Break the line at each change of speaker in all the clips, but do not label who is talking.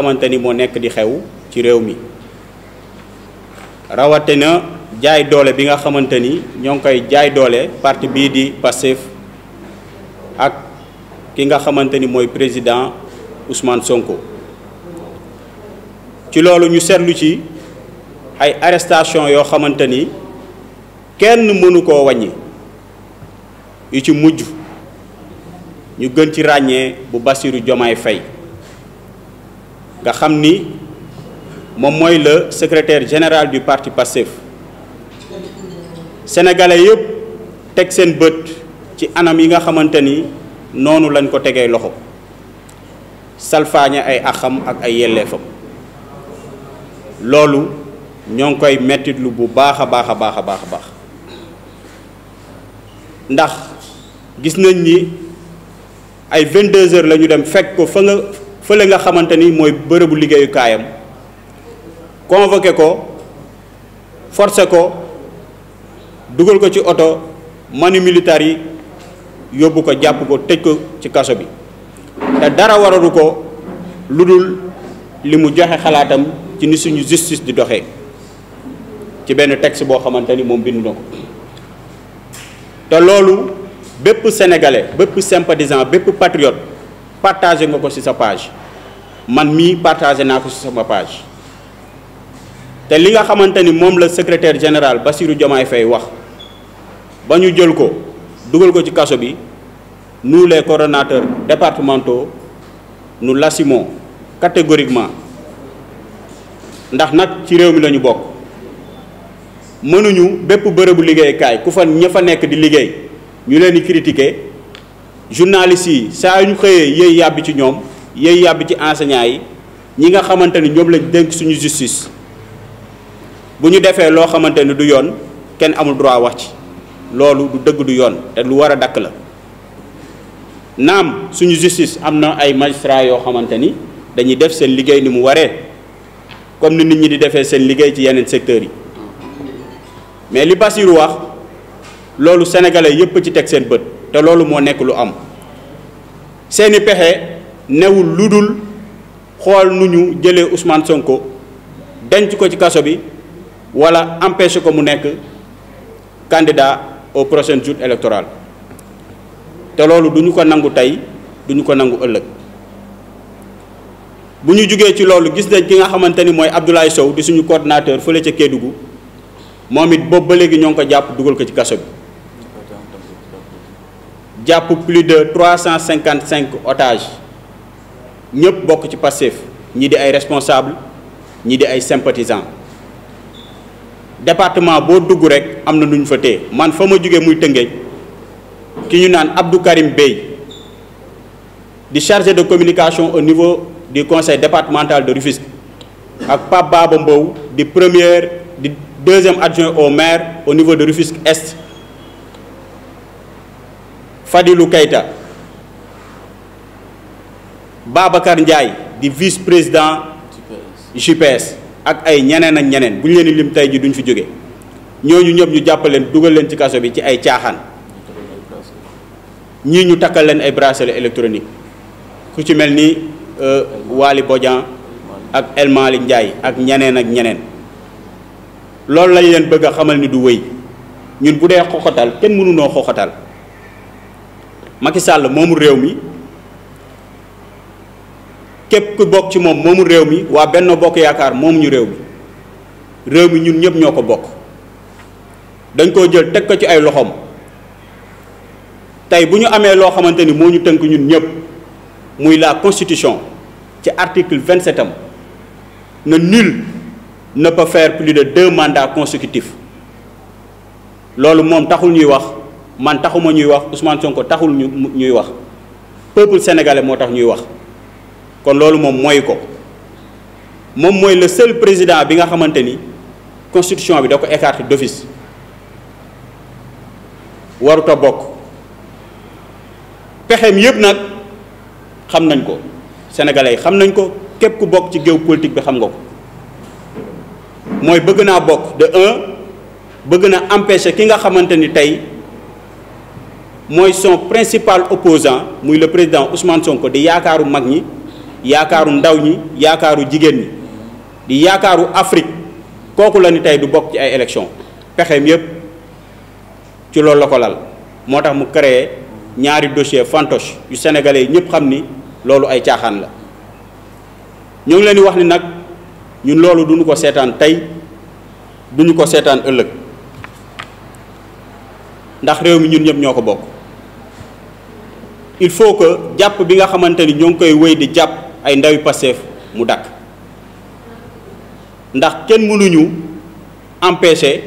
xamante ni moo nekk di xew ci réew mi rawate na jaay doole bi nga xamante ni ñoo ngi koy jaay doole parti bii di Pastef ak ki nga xamante ni mooy président Ousmane Sonko ci loolu ñu seetlu ci ay arrestation yoo xamante ni kenn mënu koo wàññi yu ci mujj ñu gën ci ràññee bu basiru Diomaye Faye nga xam ni moom mooy la secretaire général du parti Pastef sénégalais yëpp teg seen bët ci anam yi nga xamante ni noonu lañ ko tegee loxo salfaañe ay axam ak ay yelleefam loolu ñoo ngi koy mettitlu bu baax a baax a baax a baax a baax ndax gis nañ ni ay 22 heures la dem fekk ko fa nga fële nga xamante ni mooy bërëbu liggéeyukaayam convoqué ko forcé ko dugal ko ci oto manu militaire yi yóbbu ko jàpp ko tëj ko ci kaso bi te dara waralu ko lu dul li mu joxe xalaatam ci ni suñu justice di doxee ci benn texte boo xamante ni moom bind ko te loolu bépp sénégalais bépp sympathisant bépp patriote partagé nga ko ci sa page man mii partagé naa ko ci sama page te li nga xamante ni moom la secretaire général Bassirou Diomaye fay wax ba ñu jël ko dugal ko ci kaso bi nous les coordonnateurs nu nous l'assumons ndax nag ci réew mi lañu ñu bokk mënuñu bépp bërëbu liggéeykaay ku fa ña fa nekk di liggéey ñu leen di critiquer journalistes yi saa yu ñu xëyee yëy yàbbi ci ñoom yëy yàbbi ci enseignants yi ñi nga xamante ni ñoom lañ dénk suñu justice bu ñu defee loo xamante ni du yoon kenn amul droit wax ci loolu du dëgg du yoon te lu war a dakk la naam suñu justice am na ay magistrats yoo xamante ni dañuy def seen liggéey ni mu waree comme ni nit ñi di defee seen liggéey ci yeneen secteurs yi mais li Bassirou wax loolu sénégalais yëpp ci teg seen bët. te loolu moo nekk lu am seeni pexe newul lu dul xool nu ñu jëlee Ousmane Sonko denc ko ci kaso bi wala empêcher ko mu nekk candidat aux prochaines joutes électorales te loolu du ñu ko nangu tey du ñu ko nangu ëllëg bu ñu jugee ci loolu gis nañ ki nga xamante ni mooy Abdoulaye Sow di suñu coordinateur fële ci Kédougou moom it boobu ba léegi ñoo ngi ko jàpp dugal ko ci kaso bi. jàpp plus de trois cent cinquante cinq otages ñëpp bokk ci Pastef ñi di ay responsable ñi di ay sympathisants département boo dugg rek am na nu ñu fa te man fa ma jógee muy Tëngéej ki ñu naan Abdou Karim Bey di chargé de communication au niveau du conseil départemental de Rufisque ak Pape Baba Mbow di première di deuxième adjoint au maire au niveau de Rufisque Est Fadilou Keita baabakar njaay di vice-président GPS ak ay ñeneen ak ñeneen bu ñu leen lim tey ji duñ fi jóge ñooñu ñëpp ñu jàppaleen dugal leen ci kaso bi ci ay caaxaan ñii ñu takkal leen ay bracelet électronique ku ci mel ni euh, Waly Bodian ak El njaay ak ñeneen ak ñeneen loolu lañ leen bëgg a xamal ni du wéy ñun bu dee xoxatal kenn mënu noo xoxatal Macky Sall moomu réew mi képp ku bokk ci moom moomu réew mi waa Benno Bokk Yaakaar moomuñu réew mi réew mi ñun ñëpp ñoo ko bokk dañ koo jël teg ko ci ay loxoom tey bu ñu amee loo xamante ni moo ñu tënk ñun ñëpp muy la constitution ci article vingt-sept am na nul ne peut faire plus de deux mandats loolu moom taxul ñuy wax. man taxuma ñuy wax Ousmane ko taxul ñu ñuy wax peuple sénégalais moo tax ñuy wax kon loolu moom mooy ko moom mooy le seul président bi nga xamante ni constitution bi da ko écarté d'office waruta bokk pexeem yëpp nag xam nañ ko sénégalais yi xam nañ ko képp ku bokk ci géew politique bi xam nga ko mooy bëgg naa bokk de un bëgg na empêcher ki nga xamante ni tey mooy son principal opposant muy le président son ko di yaakaaru mag ñi yaakaaru ndaw ñi yaakaaru jigéen ñi di yaakaaru Afrique kooku la ni tey du bokk ci ay élection pexeem yépp ci loolu la ko lal moo tax mu créé ñaari dossier fantoche yu sénégalais yi ñëpp xam ni loolu ay caaxaan la ñu ngi leen di wax ni nag ñun loolu duñu ko seetaan tey duñu ko seetaan ëllëg ndax réew mi ñun ñëpp ñoo ko bokk il faut que jàpp bi nga xamante ni ñoo ngi koy wéy di jàpp ay ndawi Pastef mu dakk ndax kenn mënuñu empêcher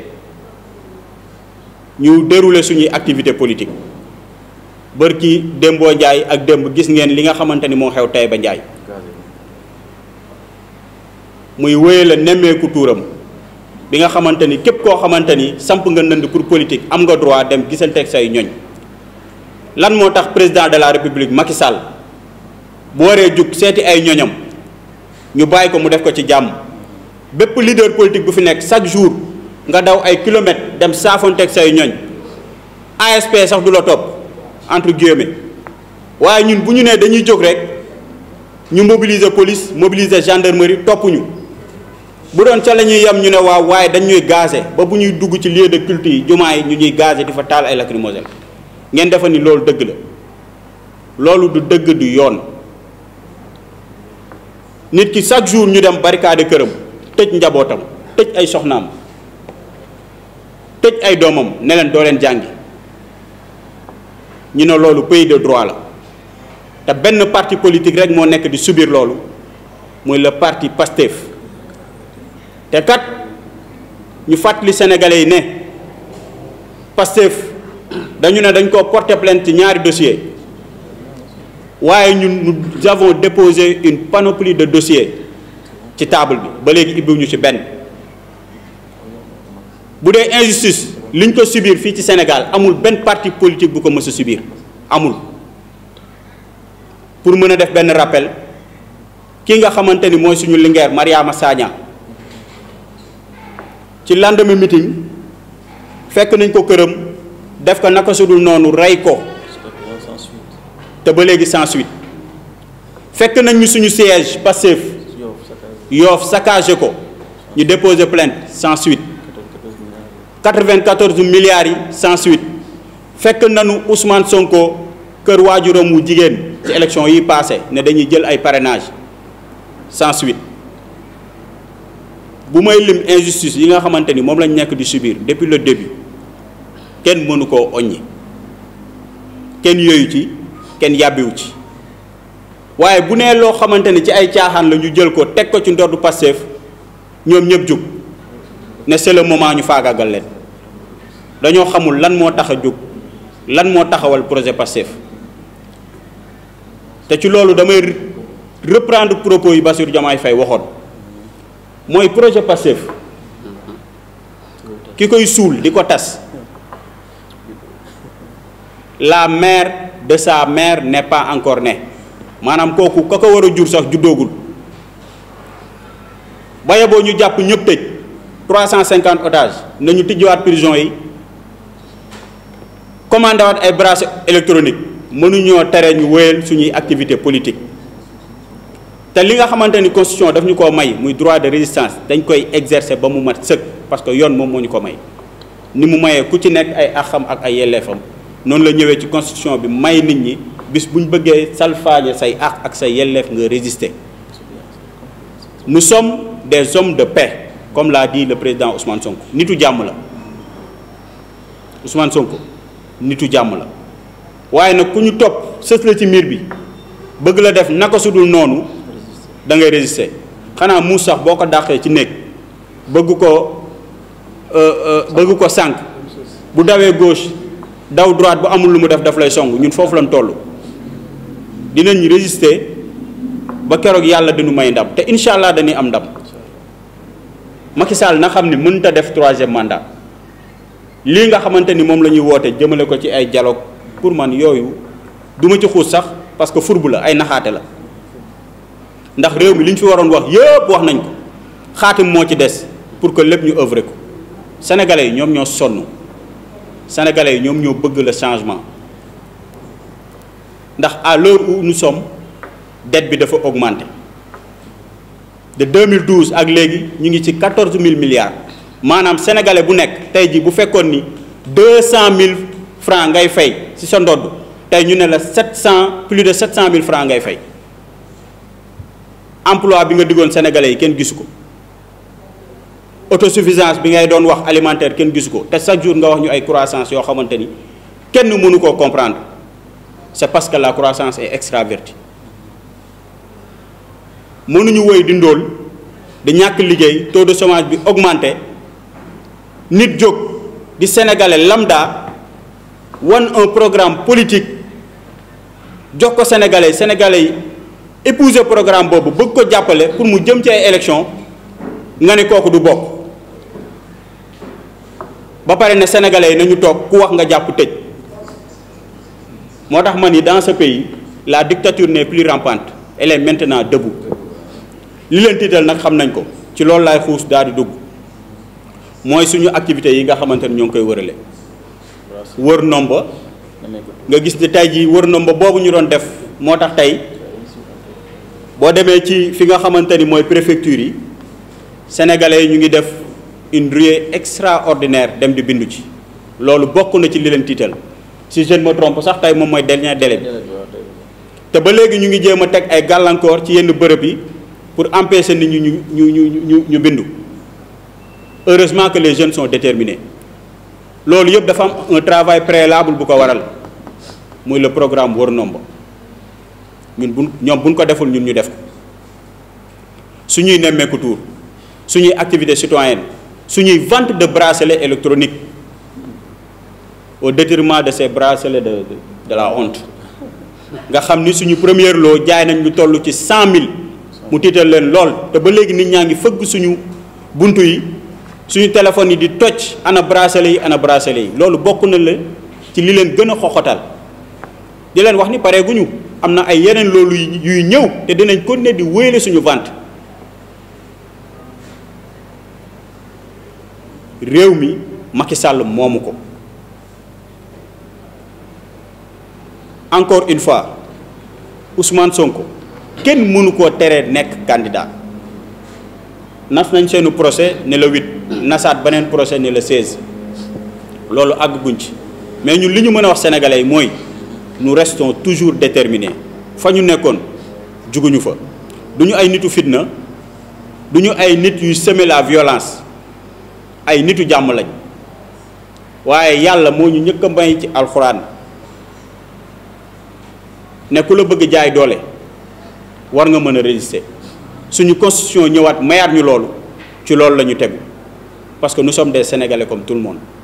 ñu dérouler suñuy activité politique bërki démboo Njaay ak démb gis ngeen li nga xamante ni moo xew tey ba Njaay muy wéye la nemmeeku tuuram bi nga xamante ni képp koo xamante ni samp nga ndënd pour politique am nga droit dem gisanteeg say ñoñ lan moo tax président de la république Macky Sall bu waree jug seeti ay ñoñam ñu bàyyi ko mu def ko ci jàmm bépp leader politique bu fi nekk chaque jour nga daw ay kilomètres dem saafonteeg say ñoñ ASP sax du la topp entre guillemets waaye ñun bu ñu nee dañuy jóg rek ñu mobiliser police mobiliser gendarmerie topp ñu bu doon ca la ñuy yem ñu ne waaw waaye dañ ñuy ba bu ñuy dugg ci lieu de culte yi jumaa yi ñu ñuy gazé di fa taal ay lacrymogène ngeen defa ni loolu dëgg la loolu du dëgg du yoon nit ki chaque jour ñu dem barricade këram tëj njabootam tëj ay soxnaam tëj ay doomam ne leen doo leen jàngi ñu ne loolu pays de droit la te benn parti politique rek moo nekk di subir loolu muy le parti Pastef te kat ñu fàttali sénégalais yi ne Pastef dañu ne dañ ko porter plainte ci ñaari dossier waaye ñun nous avons déposé une panoplie de dossiers ci table bi ba léegi ibbiw ñu ci benn bu dee injustice liñ ko subir fii ci Sénégal amul benn parti politique bu ko mës a amul pour mën a def benn rappel kii nga xamante ni mooy suñu lingeer Mariama Sagna ci lendemain meeting fekk nañ ko këram def ko naka sudul noonu rey ko te ba léegi sans suite fekk nañ ñu suñu siège Pastef Yoff saccagé ko ñu déposer plainte sans suite 94 milliards yi sans suite fekk nañu Ousmane Sonko kër waajuram wu jigéen ci élection yi passé ne dañuy jël ay parrainage sans suite bu may lim injustice yi nga xamante ni moom lañ nekk di subir depuis le début kenn mënu koo oññi kenn yooyu ci kenn yàbbiwu ci waaye bu nee loo xamante ni ci ay caaxaan la ñu jël ko teg ko ci ndoddu Pastef ñoom ñëpp jóg ne c'est le moment ñu faagaagal leen dañoo xamul lan moo tax a jóg lan moo taxawal projet Pastef te ci loolu damay reprendre propos yi Bassirou Diomaye fay waxoon mooy projet Pastef ki koy suul di ko tas la maire de sa mère n'est pas encore ne maanaam kooku ka ko war a jur sax juddoogul baye boo ñu jàpp ñëpp tëj 350 otages nañu tijjiwaat prison yi commandé waat ay bracelet électronique mënuñoo tere ñu wéyal suñuy activité politique te li nga xamante ni constitution daf ñu ko may muy droit de résistance dañ koy exercer ba mu mat sëkk parce que yoon moom moo ñu ko may ni mu mayee ku ci nekk ay axam ak ay yelleefam noonu la ñëwee ci constitution bi may nit ñi bis bu ñu bëggee salfaañe say àq ak say yelleef nga résister nous sommes des hommes de paix comme l'a dit le président Ousmane Sonko nitu jàmm la Ousmane nitu jàmm waaye nag ku ñu topp sës la ci miir bi bëgg la def naka sudul noonu da ngay résister xanaa muus sax boo ko dàqee ci néeg bëgg ko euh, euh, bëgg ko sànq bu dawee gauche daw droite bu amul lu mu def daf lay song ñun foofu lañ toll dinañ résister ba keroog yàlla dinu may ndam te incha allah dañuy am ndam Macky na xam ne mënut a def troisième mandat li nga xamante ni moom la ñuy woote jëmale ko ci ay jaloo pour man yooyu du ma ci xuus sax parce que bu la ay naxaate la ndax réew mi li ñu fi waroon wax yëpp wax nañ ko xaatim moo ci des pour que lépp ñu œuvre ko sénégalais yi ñoom ñoo sonn. sénégalais yi ñoom ñoo bëgg la changement ndax à l'heure où nous bi dafa augmenté de 2012 ak léegi ñu ngi ci 14000 milliards maanaam sénégalais bu nekk tey ji bu fekkoon ni 200000 francs ngay fay ci sa ndodd tey ñu ne la 700 plus de mille francs ngay fay emploi bi nga diggoon sénégalais yi kenn gisu ko. autosuffisance bi ngay doon wax alimentaire kenn gisu ko te chaque jour nga wax ñu ay croissance yoo xamante ni kenn mënu koo comprendre c'est parce que la croissance est extravertie mënuñu woy dindool di ñàkk liggéey taux de chômage bi augmenté nit jóg di sénégalais lambda wan un programme politique jox ko sénégalais sénégalais yi épouser programme boobu bëgg ko jàppale pour mu jëm ci ay élection nga ne kooku du bokk ba pare ne sénégalais yi nañu toog ku wax nga jàpp tëj moo tax ma ni dans ce pays la dictature n'est plus rampante elle est maintenant debout li leen tiital nag xam nañ ko ci loolu laay xuus daal di dugg mooy suñu activités yi nga xamante ni ñoo ngi koy wërale wër nomba nga gis ne tey jii wër nomba boobu ñu doon def moo tax tey boo demee ci fi nga xamante ni mooy préfecture yi sénégalais yi ñu ngi def une ruée extraordinaire dem di bindu ci loolu bokk na ci li leen tiital si je ne me trompe sax tey moom mooy dernier délai bi te ba léegi ñu ngi jéem a teg ay gàllankoor ci yenn bërëb yi pour empêcher ni ñi ñu ñu ñu ñu ñu bindu heureusement que les jeunes sont déterminés loolu yëpp dafa am un travail bu ko waral muy le programme Wër Ndombo ñun bu ñoom buñ ko deful ñun ñu def ko suñuy nemmeeku tuur suñuy activité citoyenne suñuy vente de bracelets électroniques o détriment de ces bracelets de de, de nga xam ni suñu première loo jaay nañ lu toll ci cent mille mu tiital leen lool te ba léegi nit ñaa ngi fëgg suñu bunt yi suñu téléphone yi di toj ana bracelet yi ana bracelet yi loolu bokk na leen ci li leen gën a xoxotal di leen wax ni pareeguñu am na ay yeneen loolu yuy ñëw te dinañ ne di wéyale suñu vente réew mi Macky Sall moomu ko encore une fois Ousmane Sonko kenn mënu koo teree nekk candidat nas nañ seenu procès ne la huit nasaat beneen procès ne la loolu àgguñ ci mais ñun li ñu mën a wax sénégalais yi mooy nu restons toujours déterminés fa ñu nekkoon juguñu fa du ñu ay fitna du ñu nit yuy semer la violence ay nitu jàmm lañ waaye yàlla moo ñu ñëkk a ci alxuraan ne ku la bëgg jaay doole war nga mën a résister suñu constitution ñëwaat mayaat ñu loolu ci loolu la ñu tegu parce que nous sommes des sénégalais comme tout le monde.